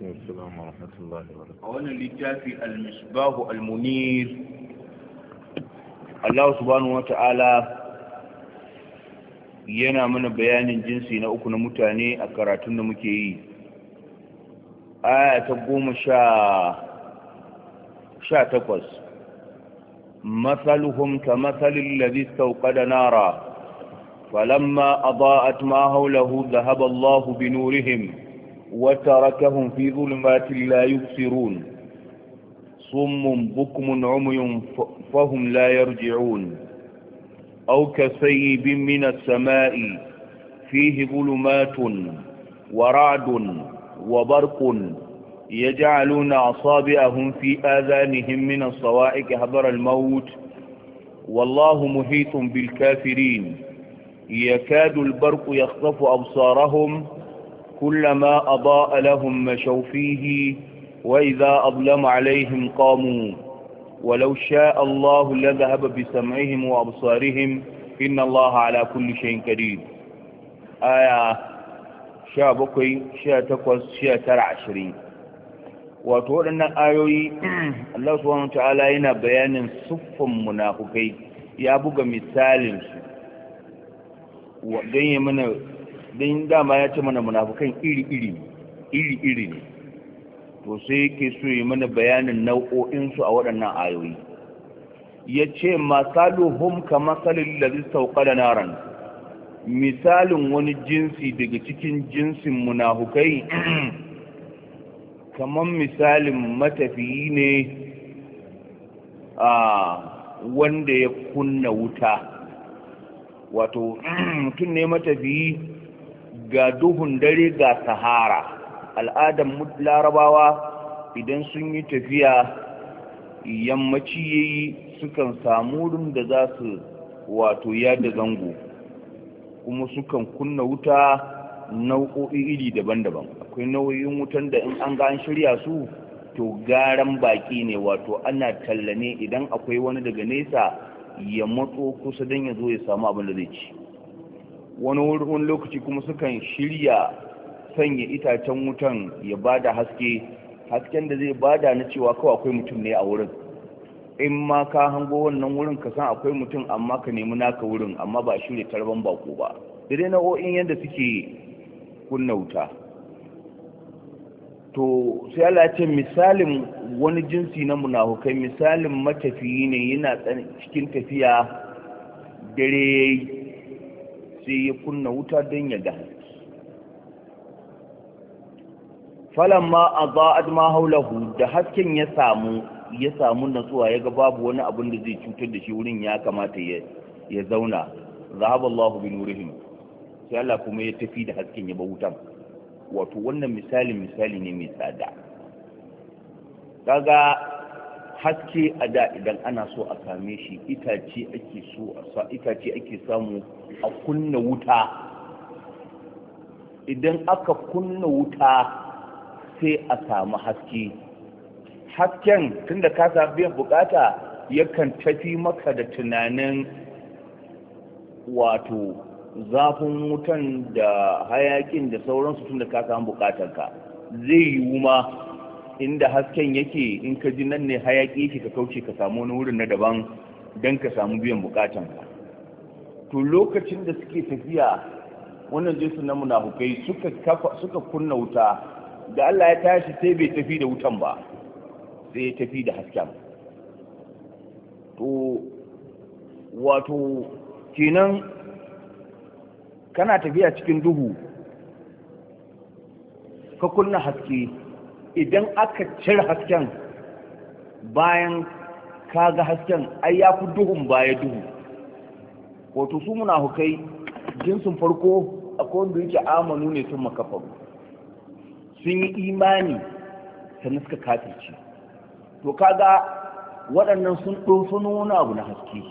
a wannan littafi al-misbahu al-munir Allah subhanahu Ta'ala yana mana bayanin jinsi na uku na mutane a karatun da muke yi aya ta goma sha takwas matsaluhun ka matsalin labistau nara falamma a ba'at ma haulahu zahaba zahaballahu bi nurihim وتركهم في ظلمات لا يبصرون صم بكم عمي فهم لا يرجعون أو كسيب من السماء فيه ظلمات ورعد وبرق يجعلون أصابعهم في آذانهم من الصواعق حضر الموت والله محيط بالكافرين يكاد البرق يخطف أبصارهم كلما أضاء لهم مشوا فيه وإذا أظلم عليهم قاموا ولو شاء الله لذهب بسمعهم وأبصارهم إن الله على كل شيء كريم آية شابكي بقي شاتر تقوز وتقول أن آيوي الله سبحانه وتعالى هنا بيان صف منافقين يا بقى مثال وقيمنا don dama ya ce mana munafukan iri-iri iri-iri ne to sai yake so yi mana bayanin nau'o'insu a waɗannan ayoyi ya ce masaluhum ka masalin lalzi sauƙa naran misalin wani jinsi daga cikin jinsin munafukai kamar misalin matafiyi ne a wanda ya kunna wuta wato mutum ne matafiyi ga duhun dare ga sahara al'adan larabawa idan sun yi tafiya yammaci yayi sukan samu wurin da za su wato yada zango kuma sukan kunna wuta nau'o'i iri daban-daban akwai nau'o'in wutan da in an ga an shirya su to garan baki ne wato ana talla ne idan akwai wani daga nesa ya matso kusa don ya zo ya samu abin da zai ci wani wurin lokaci kuma sukan shirya sanya itacen wutan ya bada haske hasken da zai bada na cewa kawai akwai mutum ne a wurin in ma ka hango wannan wurin ka san akwai mutum amma ka nemi naka wurin amma ba shirya tarban bako ba da dai o'in yadda suke kunna wuta to sai Allah ce misalin wani jinsi na munafukai misalin matafiyi ne yana cikin tafiya dare sai ya kunna wuta don ya ga falamma a za'ad ma haulahu da hasken ya samu ya samu natsuwa ya ga babu wani abin da zai cutar da shi wurin ya kamata ya zauna Allah bin nurihim sai Allah kuma ya tafi da hasken ya ba wutan wato wannan misali misali ne mai tsada kaga haske a da idan ana so a same shi itace ake so itace ake samu a kunna wuta idan aka kunna wuta sai a samu haske hasken tunda ka samu biyan bukata yakan tafi maka da tunanin wato zafin wutan da hayakin da sauransu tunda ka samu bukatanka zai yi ma inda hasken yake in ka ji nan ne hayaƙi yake ka kauce ka samu wani wurin na daban don ka samu biyan bukatan ka to lokacin da suke tafiya wannan jinsu na munafukai suka suka kunna wuta da Allah ya tashi sai bai tafi da wutan ba sai ya tafi da hasken to wato kenan kana tafiya cikin duhu ka kunna haske idan aka cire hasken bayan kaga hasken ai ya fi duhun baya duhu wato su hukai jinsin farko akwai wanda yake amanu ne sun makafaru sun yi imani sannan suka kafirce to kaga waɗannan sun ɗofi wani abu na haske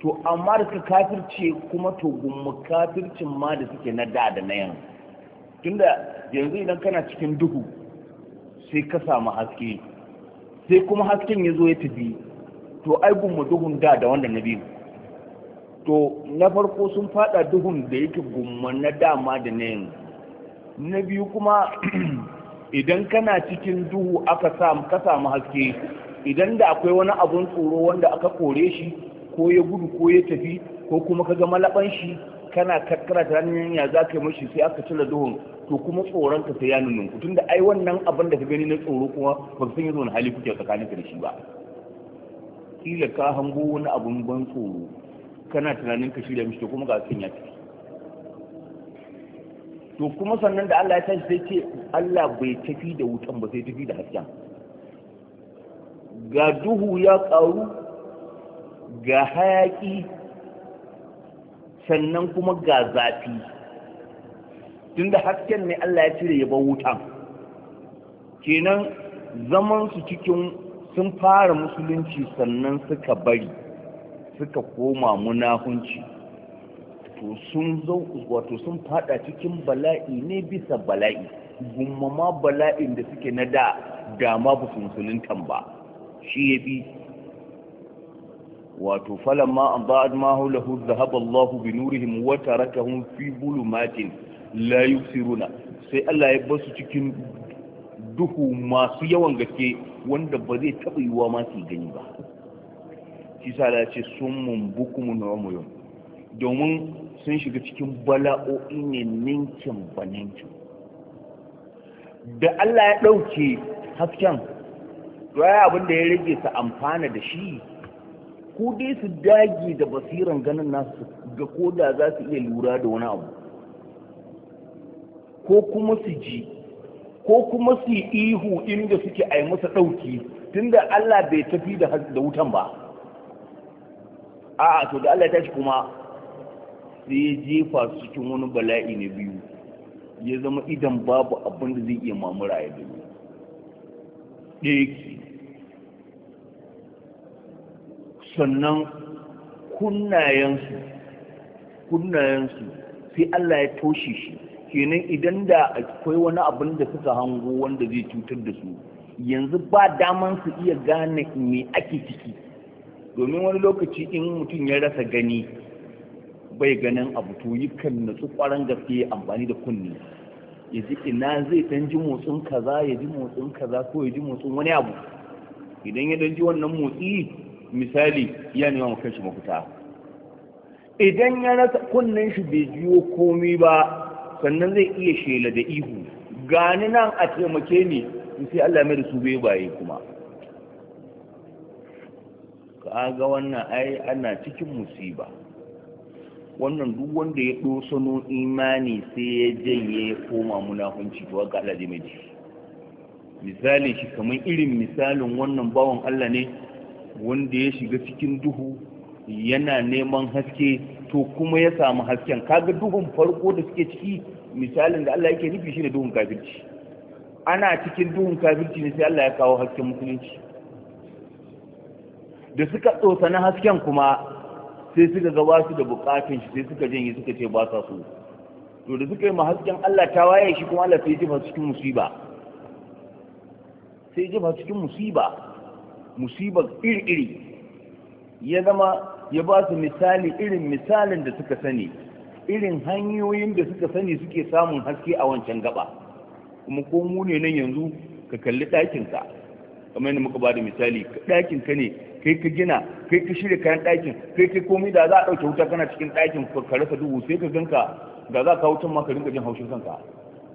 to amma da suka kafirce kuma to gumma kafircin ma da suke na da da na yanzu tunda yanzu idan kana cikin duhu sai ka samu haske sai kuma hasken ya zo ya tafi to ai gumma duhun da da wanda na biyu to na farko sun fada duhun da yake gumma na dama da na na biyu kuma idan kana cikin duhu aka samu ka samu haske idan da akwai wani abun tsoro wanda aka kore shi ko ya gudu ko ya tafi ko kuma ka ga malaban shi kana ta tunanin ya za ka yi mashi sai aka cire duhun to kuma tsoron ka sai ya nununku tunda ai wannan abin da ka gani na tsoro kuma ba san yanzu wani hali kuke tsakanin ka da shi ba kila ka hango wani abin ban tsoro kana tunanin ka shirya mishi to kuma ga sun ya tafi to kuma sannan da Allah ya tashi sai ce Allah bai tafi da wutan ba sai tafi da hasken ga duhu ya karu ga hayaki sannan kuma ga zafi tunda hasken ne Allah ya cire ya bar wutan kenan zaman su cikin sun fara musulunci sannan suka bari suka koma munafunci to sun zo wato sun fada cikin bala'i ne bisa bala'i gumma bala'in da suke na da dama ba su musuluntan ba shi ya bi wato ma an ba'ad ma hulahu dhahaba Allah bi nurihim wa tarakahum fi bulumatin la yusiruna sai Allah ya basu cikin duhu masu yawan gaske wanda ba zai taɓa yiwa ma su gani ba shi sa da ce sun mumbuku mu na domin sun shiga cikin bala'o'i ne ninkin ba ninkin da Allah ya ɗauke hasken raya abin da ya rage su amfana da shi ko dai su dage da basiran ganin nasu ga koda da za su iya lura da wani abu ko kuma su ji ko kuma su ihu inda suke a masa ɗauki tunda Allah bai tafi da wutan ba a to da Allah ya tashi kuma sai ya jefa su cikin wani bala'i na biyu ya zama idan babu abin da zai iya mamura ya biyu ɗaya sannan kunnayensu kunnayensu sai Allah ya toshe shi kenan idan da akwai wani abin da suka hango wanda zai cutar da su yanzu ba daman su iya gane me ake ciki domin wani lokaci in mutum ya rasa gani bai ganin abu to yakan natsu kwaran gaske amfani da kunne ya ji ina zai dan ji motsin kaza ya ji motsin kaza ko ya ji motsin wani abu idan ya dan ji wannan motsi misali ya nema mu kashi mafita idan ya rasa kunnen shi bai jiwo komai ba sannan zai iya shela da ihu gani nan a taimake ni sai Allah mai da su bai baye kuma ga wannan ai ana cikin musiba wannan duk wanda ya dosano imani sai ya janye ya koma munafunci to ga Allah zai mai misali shi kamar irin misalin wannan bawan Allah ne wanda ya shiga cikin duhu yana neman haske to kuma ya samu hasken kaga duhun farko da suke ciki misalin da Allah yake nufi shine duhun kafirci ana cikin duhun kafirci ne sai Allah ya kawo hasken musulunci da suka na hasken kuma sai suka ga su da bukatun shi sai suka janye suka ce ba sa so to da suka yi ma hasken Allah ta waye shi kuma Allah sai jifa cikin musiba sai jifa cikin musiba musibar iri-iri ya zama ya ba su misali irin misalin da suka sani irin hanyoyin da suka sani suke samun haske a wancan gaba kuma ko mu ne nan yanzu ka kalli ɗakinka kamar yadda muka ba da misali ɗakinka ne kai ka gina kai ka shirya kayan ɗakin kai kai komai da za a ɗauke wuta kana cikin ɗakin ka rasa duhu sai ka ganka da za ka wuce ma ka rinka jin haushin kanka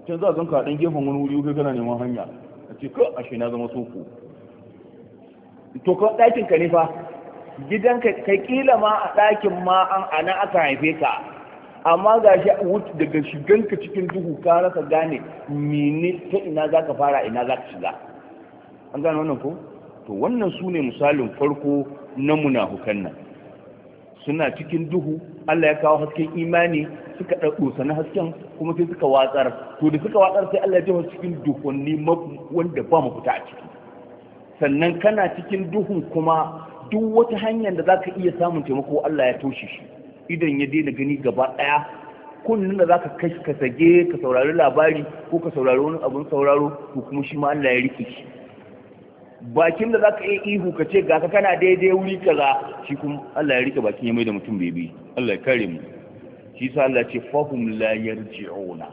can za a ganka a ɗan gefen wani wuri kai kana neman hanya a ce ka ashe na zama soko to ka ɗakin ka ne fa gidan ka kila ma a ɗakin ma an ana aka haife ka amma ga shi daga shiganka cikin duhu ka rasa gane mini ta ina za ka fara ina za ka shiga an gane wannan ko to wannan su ne misalin farko na munafukan nan suna cikin duhu Allah ya kawo hasken imani suka ɗaɗo sana hasken kuma sai suka watsar to da suka watsar sai Allah ya jefa cikin duhunni wanda ba mafita a ciki sannan kana cikin duhun kuma duk wata hanyar da za ka iya samun taimako Allah ya toshe shi idan ya daina gani gaba ɗaya, kunnen da zaka kashi ka sage ka saurari labari ko ka saurari wani abun sauraro ko kuma shi ma Allah ya rike shi bakin da zaka iya ihu ka ce ga ka kana daidai wuri kaza shi kuma Allah ya rike bakin ya mai da mutum bebe Allah ya kare mu shi sa Allah ce fahum la yarji'una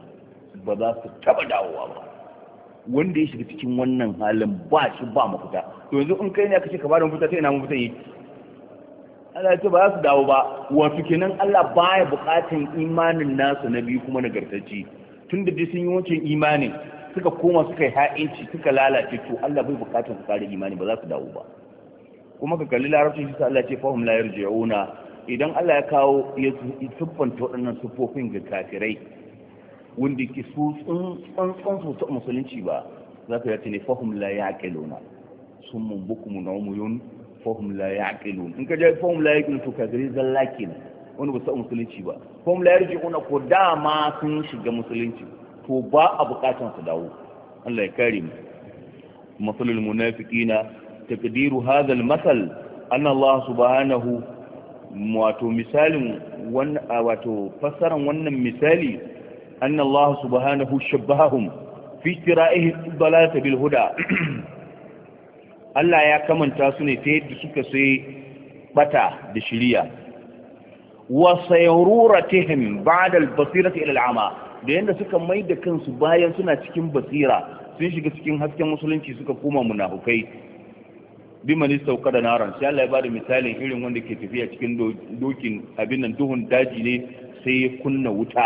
ba za su taba dawowa ba wanda ya shiga cikin wannan halin ba shi ba mafita to yanzu in kai ne aka ce ka ba da mafita sai ina mafita yi. Allah ya ce ba za su dawo ba wato kenan Allah baya bukatan imanin nasu na biyu kuma nagartacci tun da sun yi wancan imanin suka koma suka yi ha'inci suka lalace to Allah bai bukatan su kare imani ba za su dawo ba kuma ka kalli larabci shi Allah ce fahim la yarji'una idan Allah ya kawo ya siffanta waɗannan siffofin ga kafirai wanda ke su tsantsan su musulunci ba za ka yace ne fahim la yaqiluna summun bukumun umuyun fahim la yaqilun in ka je fahim la yaqilun to ka gari zalla kenan wanda ba su musulunci ba fahim la yarji'una ko dama sun shiga musulunci to ba a bukatan su dawo Allah ya kare mu masalul munafiqina taqdiru hadha al-masal anna Allah subhanahu wato misalin wato fassaran wannan misali أن الله سبحانه شبههم في اشترائه الضلالة بالهدى Allah ya kamanta su ne ta yadda suka sai bata da shiriya wa sayruratihim ba'da al-basirati ila al da yadda suka mai da kansu bayan suna cikin basira sun shiga cikin hasken musulunci suka koma munafukai biman sauka da naran sai Allah ya bada misalin irin wanda ke tafiya cikin dokin abin nan daji ne sai ya kunna wuta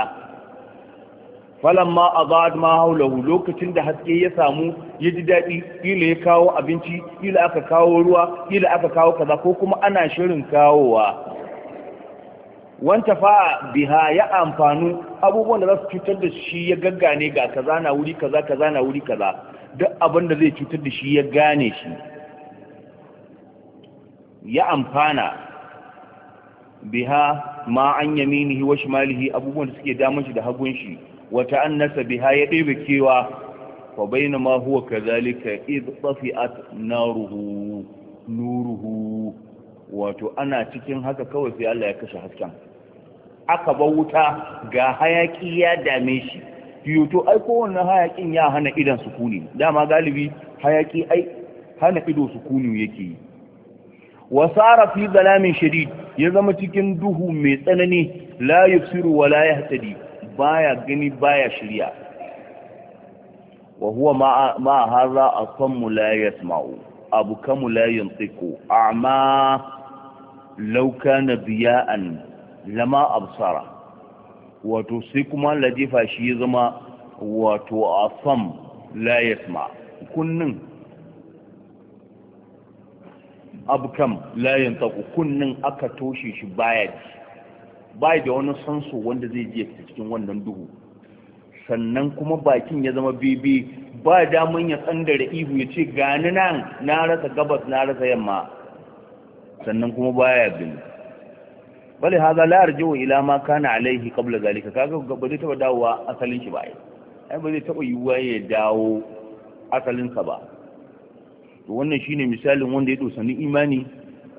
falamma azad ma haulahu lokacin da haske ya samu ya ji daɗi kila ya kawo abinci kila aka kawo ruwa kila aka kawo kaza ko kuma ana shirin kawowa wanta fa biha ya amfanu abubuwan da za su cutar da shi ya gaggane ga kaza na wuri kaza kaza na wuri kaza duk abin da zai cutar da shi ya gane shi ya amfana biha ma an yaminihi wa shimalihi abubuwan da suke damun shi da hagun shi wata nasa biha ya ɗebe kewa fa bayna ma huwa kazalika id tafi'at naruhu nuruhu wato ana cikin haka kawai sai Allah ya kashe hasken aka ba wuta ga hayaki ya dame shi yuto ai kowanne hayakin ya hana idan sukuni dama galibi hayaki ai hana ido sukuni yake yi wa sara fi zalamin shadid ya zama cikin duhu mai tsanani la yusiru wa yahtadi baya gani baya shirya wa huwa ma haza asammu la yasma'u abu kamu la Amma a'ma law kana diya'an lama absara wato sai kuma ladifa shi ya zama wato asam la yasma kunnin abu kam la yantiqu kunnin aka toshe shi baya ji bai da wani sanso wanda zai je cikin wannan duhu sannan kuma bakin ya zama bebe ba daman ya tsandare ihu ya ce gani nan na rasa gabas na rasa yamma sannan kuma baya bin bale haza la arji'u ila ma kana alaihi qabla zalika kaga ba zai taba dawowa asalin shi ba ai ba zai taba yiwuwa ya dawo asalin sa ba to wannan shine misalin wanda ya dosa ni imani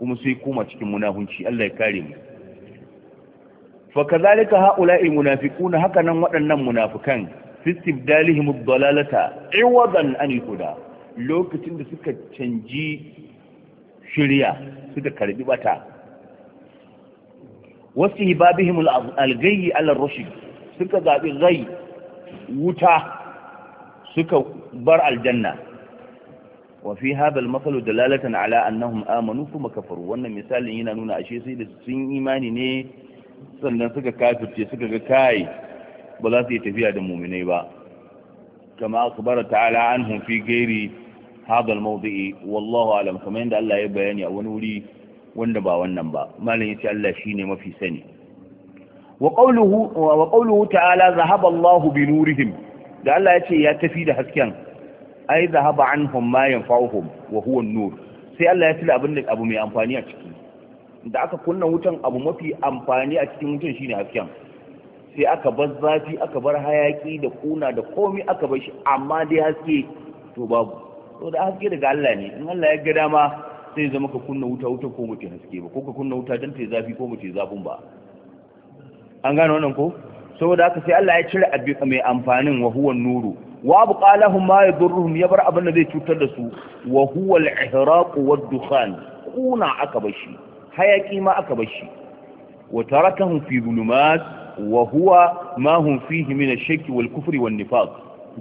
kuma sai koma cikin munafunci Allah ya kare mu fa kazalika haula'il munafiquna hakanan waɗannan munafikan fi istibdalihim ad-dalalata iwadan an al-huda lokacin da suka canji shirya suka karbi bata wasu hibabihim al-ghayy ala suka zabi rai wuta suka bar aljanna wa fi hadha al-mathal dalalatan ala annahum amanu thumma kafaru wannan misalin yana nuna ashe sai da sun imani ne sannan suka kafirce suka ga kai ba za su yi tafiya da muminai ba kama bara ta'ala anhum fi gairi hadha mawdii wallahu alam kamar yadda Allah ya bayani a wani wuri wanda ba wannan ba malam yace Allah shine mafi sani wa qawluhu wa ta'ala zahaba Allahu bi nurihim da Allah yace ya tafi da hasken ai zahaba anhum ma yanfa'uhum wa huwa an-nur sai Allah ya tila abin da abu mai amfani a ciki da aka kunna wutan abu mafi amfani a cikin wutan shine hasken sai aka bar zafi aka bar hayaki da kuna da komi aka bar shi amma dai haske to babu to da haske daga Allah ne in Allah ya ga dama sai zama ka kunna wuta wuta ko mace haske ba ko ka kunna wuta dan ta zafi ko mace zafin ba an gane wannan ko saboda haka sai Allah ya cire abin mai amfanin wa huwa nuru wa abqa qalahum ma yadurruhum ya bar abin da zai cutar da su wa huwa al-ihraq wad-dukhan kuna aka bar shi hayaki ma aka bashi wa tarakahum fi zulumat wa huwa ma hum fihi min ash-shakk wal kufr wan nifaq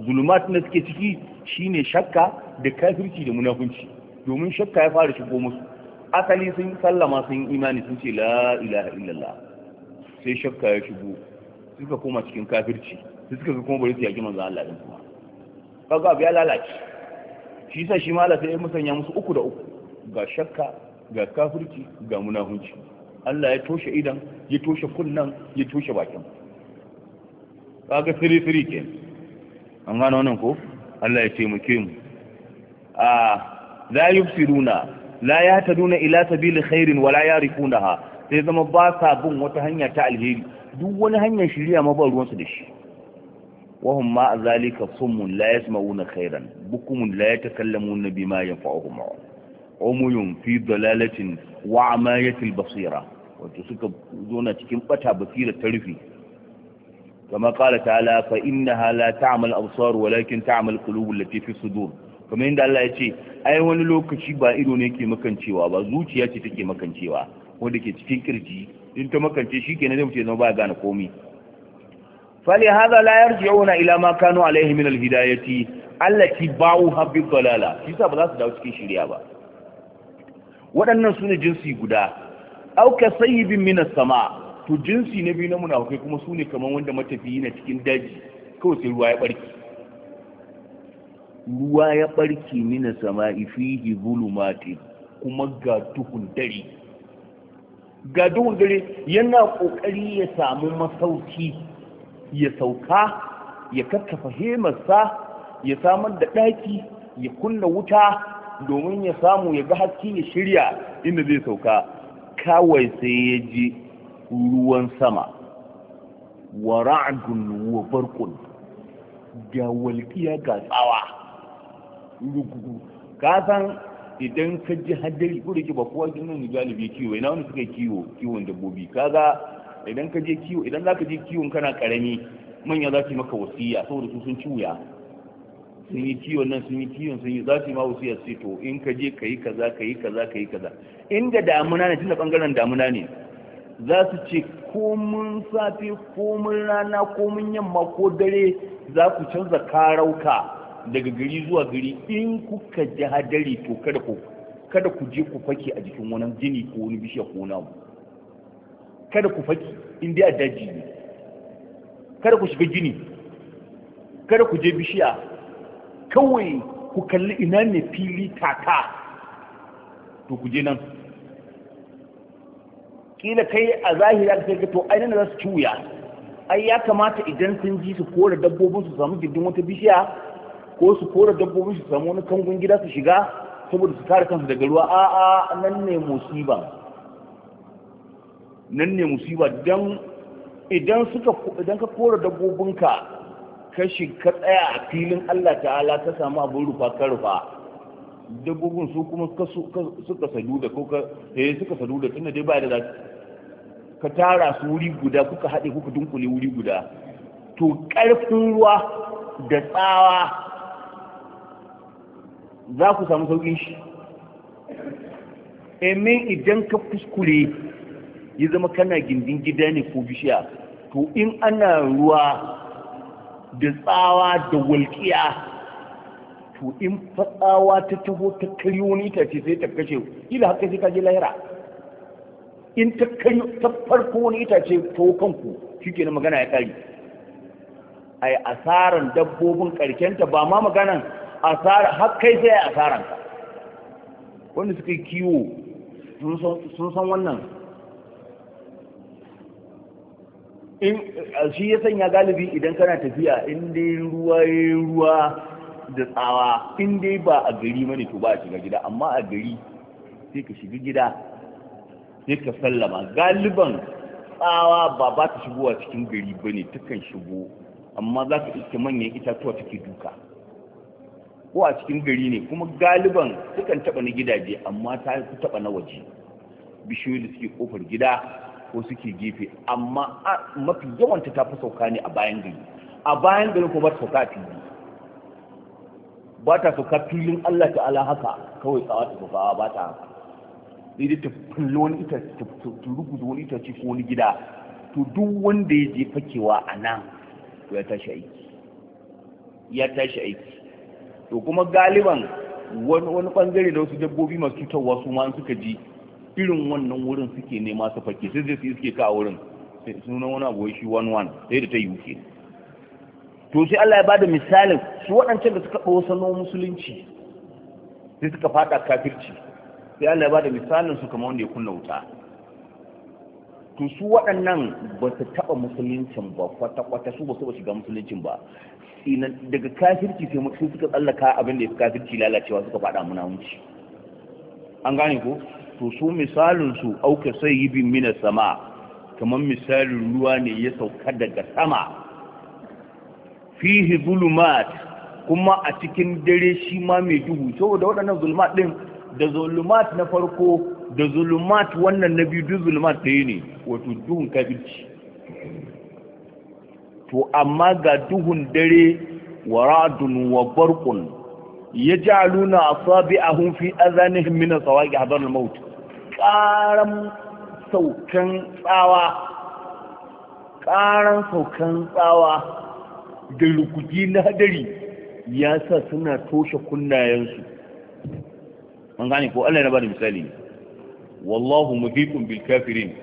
zulumat na suke ciki shine shakka da kafirci da munafunci domin shakka ya fara shigo musu asali sun sallama sun imani sun ce la ilaha illallah sai shakka ya shigo suka koma cikin kafirci sai suka ga kuma bari su yaki manzon Allah din kuma kaga ya lalace shi sa shi ma sai ya musanya musu uku da uku ga shakka ga kafirci ga munafunci Allah ya toshe idan ya toshe kunnan ya toshe bakin kaga siri siri ke an gano wannan ko Allah ya ce mu ke mu a la yubsiruna la yahtaduna ila sabili khairin wala yarifunaha sai zama ba sa bin wata hanya ta alheri duk wani hanyar shiriya ma ba ruwansu da shi wahum ma zalika summun la yasma'una khairan bukumun la yatakallamuna bima yanfa'uhum umuyun fi dalalatin wa amayatil basira wato suka zona cikin bata basira ta rufe kama qala ta'ala fa innaha la ta'mal absar walakin ta'mal qulubul lati fi sudur kamar inda Allah ya ce ai wani lokaci ba ido ne ke makancewa ba zuciya ce take makancewa wanda ke cikin kirji in ta makance shi kenan zai mutu zama ba gane komai Fali فلهذا لا يرجعون الى kanu كانوا عليه من الهدايه التي باعوها بالضلاله shi ba za su dawo cikin shiriya ba waɗannan su ne jinsi guda auka bin mina sama to jinsi na biyu na munafukai kuma su ne kamar wanda matafiyi na cikin daji kawai sai ruwa ya barki ruwa ya barki mina sama fihi zulumati kuma ga duhun dare ga duhun dare yana ƙoƙari ya samu masauki ya sauka ya kakkafa hemarsa ya samar da ɗaki ya kunna wuta domin ya samu ya ga haske ya shirya inda zai sauka kawai sai ya ji ruwan sama wa ra'adun wa barkun ga walƙiya ga tsawa ka san idan ka ji hadari ko da ke ba kowa jinin galibi kiwo ina wani suka kiwo kiwon dabbobi kaga idan ka je kiwo idan ka je kiwon kana karami manya za su maka wasiya saboda su sun ci wuya sun yi kiwon nan sun yi kiwon sun yi za su yi ma wasu ce to in ka je ka yi kaza ka yi kaza ka yi kaza inda damuna ne tunda bangaren damuna ne za su ce komun safe komun rana komun yamma ko dare za ku canza karauka daga gari zuwa gari in kuka ji hadari to kada ku kada ku je ku fake a jikin wani jini ko wani bishiya ko wani kada ku fake in dai a daji ne kada ku shiga gini kada ku je bishiya kawai ku kalli ina ne fili taka to ku je nan kila kai a zahiri aka sai to ai nan za su ci wuya ai ya kamata idan sun ji su kore dabbobin su samu gindin wata bishiya ko su kore dabbobin su samu wani kangon gida su shiga saboda su kare kansu daga ruwa a'a nan ne musiba nan ne musiba dan idan suka idan ka kore dabbobinka kashi ka tsaya a filin Allah ta'ala ta samu abin rufa ka rufa dabbobin su kuma suka sadu da ko ka eh, suka sadu da tunda dai ba da ka tara su wuri guda kuka haɗe kuka dunkule wuri guda to ƙarfin ruwa da tsawa za ku samu sauƙin shi emin eh, idan ka kuskure ya zama kana gindin gida ne ko bishiya to in ana ruwa da tsawa da walƙiya to in fatsawa ta taho ta karyo wani itace sai ta kashe ila haka sai ka je lahira in ta karyo ta farko wani itace to kanku shike na magana ya kari ai asaran dabbobin karkenta ba ma maganan asara har kai sai asaran ka wanda suka yi kiwo sun san wannan in shi ya sanya galibi idan kana tafiya in dai ruwa ya ruwa da tsawa in dai ba a gari mani to ba a shiga gida amma a gari sai ka shiga gida sai ka sallama galiban tsawa ba ba ta shigowa cikin gari ba ne takan shigo amma za ka iske manyan itatuwa take duka ko a cikin gari ne kuma galiban sukan taba na gidaje amma ta fi taɓa na waje bishiyoyi da suke kofar gida ko suke gefe amma mafi yawanta ta fi sauka ne a bayan gari a bayan gari kuma ta sauka a fili ba ta sauka filin Allah ta'ala haka kawai tsawa ta sauka ba ta haka sai dai ta fullo wani ita ta ruguza wani ita ce ko wani gida to duk wanda ya je fakewa a nan to ya tashi aiki ya tashi aiki to kuma galiban wani bangare da wasu dabbobi masu cutarwa su ma suka ji irin wannan wurin suke nema su fake sai zai suke ka a wurin sunan wani abu shi wani wani sai da ta yi ke to sai Allah ya bada misalin su waɗancan da suka ɗosano musulunci sai suka faɗa kafirci sai Allah ya bada misalin su kamar wanda ya kunna wuta to su waɗannan ba su taɓa musuluncin ba kwata-kwata su ba su ba shiga musuluncin ba daga kafirci sai mutum suka tsallaka abin da ya fi kafirci lalacewa suka faɗa munawunci an gane ko to su misalinsu auka bin mina sama kamar misalin ruwa ne ya sauka daga sama fihi zulumat kuma a cikin dare shi ma mai duhu saboda waɗannan zulumat ɗin da zulumat na farko da zulumat wannan na biyu duk zulumat ɗaya ne wato duhun kabirci to amma ga duhun dare wa radun wa barkun ya ja'aluna asabi'ahum fi adhanihim min tsawaki hadar al-maut ƙaran saukan tsawa ƙaran saukan tsawa da rukuki na hadari ya sa suna toshe kunnayensu an gane ko Allah ya bada misali wallahu muhiqun bil kafirin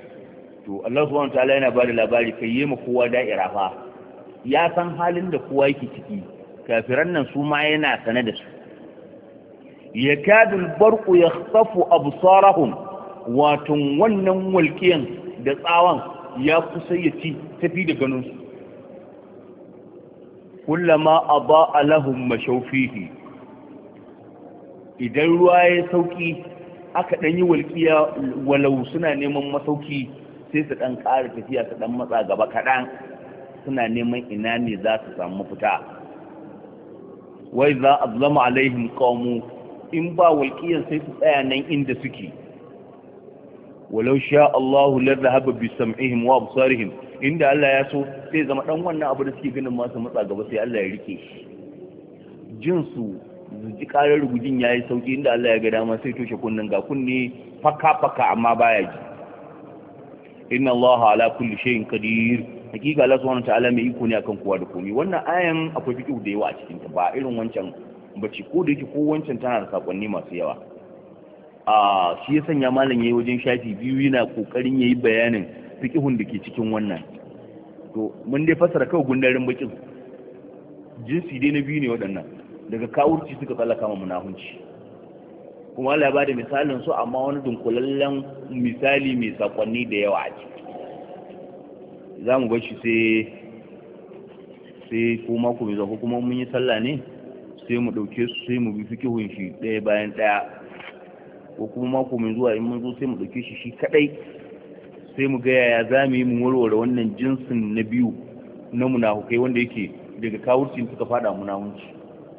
to Allah subhanahu wataala yana ba da labari kai yema kowa da'ira fa ya san halin da kowa yake ciki kafiran nan su ma yana sane da su yakadul barqu yakhsafu absarahum watan wannan walƙiyan da tsawon ya kusa ya ci tafi da ganinsu kullama a ba alahun mashaufihi idan ruwa ya sauki aka ɗan yi walƙiya walau suna neman masauki sai su ɗan ƙara tafiya su ɗan matsa gaba kaɗan suna neman ina ne za su samu fita wai za a zama alaihim kamu? in ba walƙiyan sai su tsaya nan inda suke walau sha Allahu lalla dhahaba bi sam'ihim wa absarihim inda Allah ya so sai zama dan wannan abu da suke ganin ma su matsa gaba sai Allah ya rike jin su ji karar rugujin yayi sauki inda Allah ya ga dama sai toshe kunnen ga kunne faka faka amma baya ji inna Allah ala kulli shay'in qadir hakika Allah subhanahu ta'ala mai iko ne akan kowa da komai wannan ayan akwai fiqh da yawa a cikin ta ba irin wancan bace ko da yake ko wancan tana da sakonni masu yawa a shi ya sanya malam ya yayi wajen shafi biyu yana kokarin yayi bayanin fiqhun da ke cikin wannan to mun dai fasara kawai gundarin bakin jinsi dai na biyu ne waɗannan daga kawurci suka tsallaka ma munahunci kuma Allah ya bada misalin su amma wani dunkulallen misali mai sakonni da yawa a ciki za mu bar shi sai sai ko mako mai zafi kuma mun yi sallah ne sai mu ɗauke su sai mu bi fikihun shi ɗaya bayan ɗaya ko kuma mako mai zuwa in mun zo sai mu ɗauke shi shi kaɗai sai mu ga yaya za mu yi mu warware wannan jinsin na biyu na munafukai wanda yake daga kawurci suka fada munafunci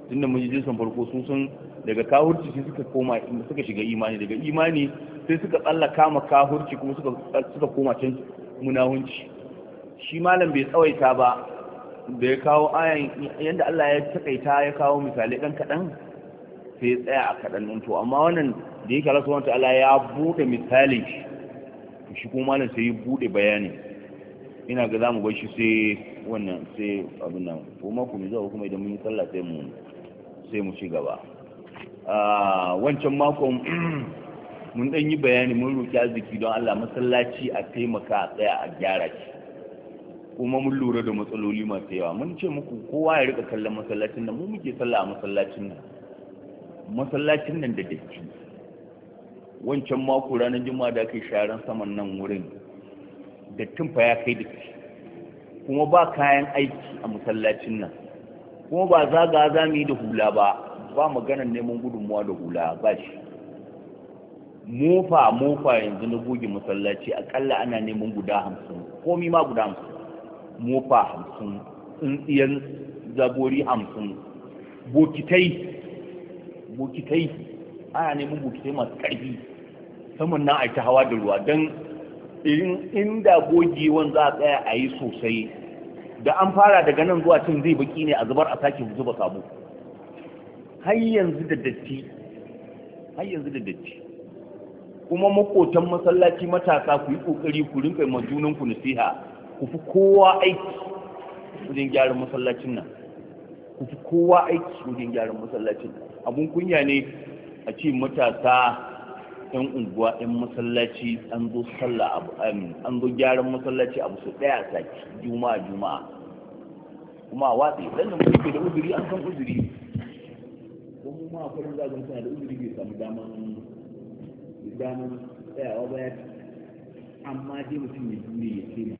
tunda mun ji jinsin farko sun sun daga kawurci sai suka koma suka shiga imani daga imani sai suka tsallaka ma kawurci kuma suka suka koma can munafunci shi malam bai tsawaita ba da ya kawo ayan yanda Allah ya takaita ya kawo misalai dan kadan sai ya tsaya a kadan to amma wannan da yake Allah subhanahu ta'ala ya bude misalin shi shi kuma malam sai ya bude bayani ina ga zamu bar shi sai wannan sai abin nan kuma ku mai zuwa kuma idan mun yi sallah sai mu sai mu ci gaba wancan makon mun dan yi bayani mun roki aziki don Allah masallaci a taimaka a tsaya a gyara shi kuma mun lura da matsaloli masu yawa mun ce muku kowa ya rika kallon masallacin nan mu muke sallah a masallacin nan masallacin nan da datti wancan mako ranar juma da ake sharan saman nan wurin Da tumfa ya kai da kuma ba kayan aiki a masallacin nan kuma ba zaga za mu yi da hula ba ba maganar neman gudunmuwa da hula ba shi mofa mofa yanzu na goge masallaci akalla ana neman guda hamsin komi ma guda hamsin mofa hamsin tsintsiyar zabori hamsin bokitai bokitai ana mun bukitai masu ƙarfi saman nan a hawa da ruwa don inda wanda za a tsaya a yi sosai da an fara daga nan zuwa cin zai baki ne a zubar a sake zuba sabo har yanzu da datti har yanzu da datti kuma makotan masallaci matasa ku yi kokari ku rinka ma junan ku nasiha ku fi kowa aiki wajen gyaran masallacin nan ku fi kowa aiki wajen gyaran masallacin abun kunya ne a ce matasa yan unguwa yan masallaci an zo sallah abu amin an zo gyaran masallaci abu su ɗaya saki juma'a juma'a kuma a watsi dan nan ke da uzuri an san uzuri don mu ma akwai za tana da uzuri bai samu daman daman tsayawa ba amma dai mutum ya duniya ya ce